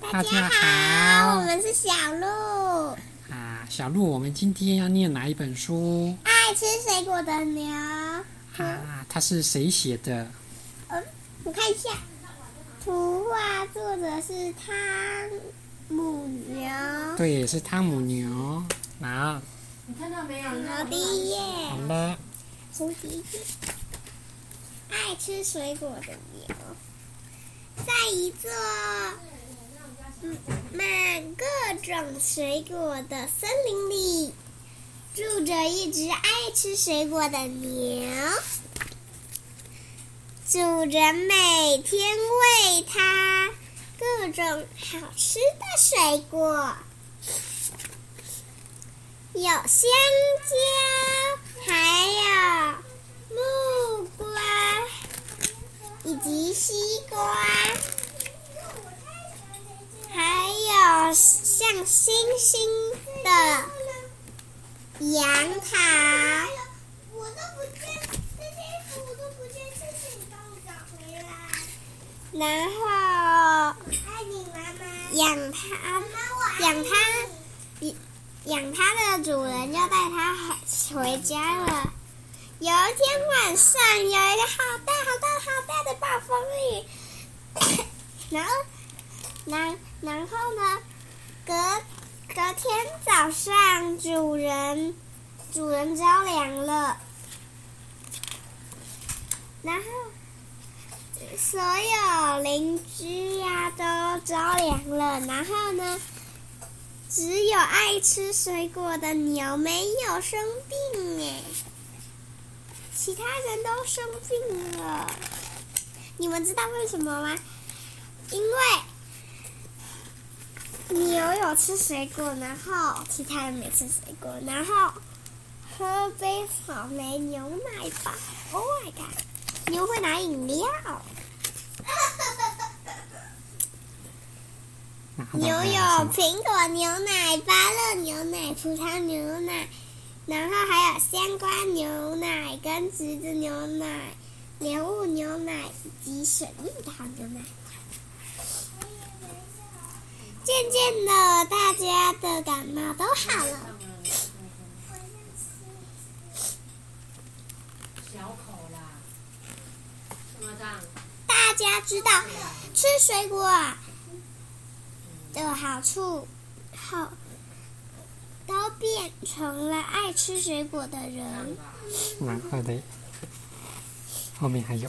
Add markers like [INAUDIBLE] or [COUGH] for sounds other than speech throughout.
大家好，啊、我們是小鹿。啊，小鹿，我們今天要念哪一本書？愛吃水果的牛。啊，嗯、它是誰寫的？嗯，我看一下，圖畫作者是湯姆牛。對，是湯姆牛。好、啊，你看到沒有？好的耶。好的。讀啦一遍。愛吃水果的牛，在一座。種水果的森林裡，住着一隻愛吃水果的牛。主人每天餵它各種好吃的水果，有香蕉，還有木瓜，以及西瓜，還有。像星星的羊駝，我都不見這些衣服，我都不見，謝謝你幫我找回來。然後，愛你媽媽。養它，養它，養它的主人就帶它回家了。有一天晚上，有一個好大、好大、好大的暴風雨，然後，然然後呢？隔隔天早上，主人主人着涼了，然後所有鄰居呀、啊、都着涼了，然後呢，只有愛吃水果的牛沒有生病哎，其他人都生病了，你們知道為什麼嗎？因為。牛有吃水果，然後其他人沒吃水果，然後喝杯草莓牛奶吧。Oh my god，牛會拿飲料。 [LAUGHS] 牛有蘋果牛奶、芭樂牛奶、葡萄牛奶，然後還有香瓜牛奶、跟橘子牛奶、蓮霧牛奶以及水蜜桃牛奶。漸漸的，大家的感冒都好了。小口了，什麼？大家知道吃水果的好處後，都變成了愛吃水果的人。蠻好的，後面還有。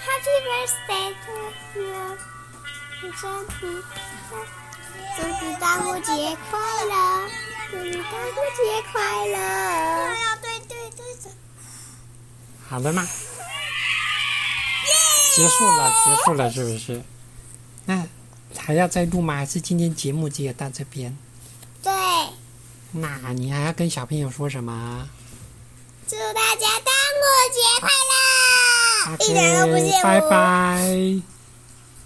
Happy birthday to you，祝你 Yay,、嗯，端午節快樂，祝你端午節快樂。對,對對對。好了嗎？Yeah. 結束了，結束了，是不是？那還要再錄嗎？還是今天節目就要到這邊？對。那你還要跟小朋友說什麼？祝大家端午節快樂。OK，拜拜。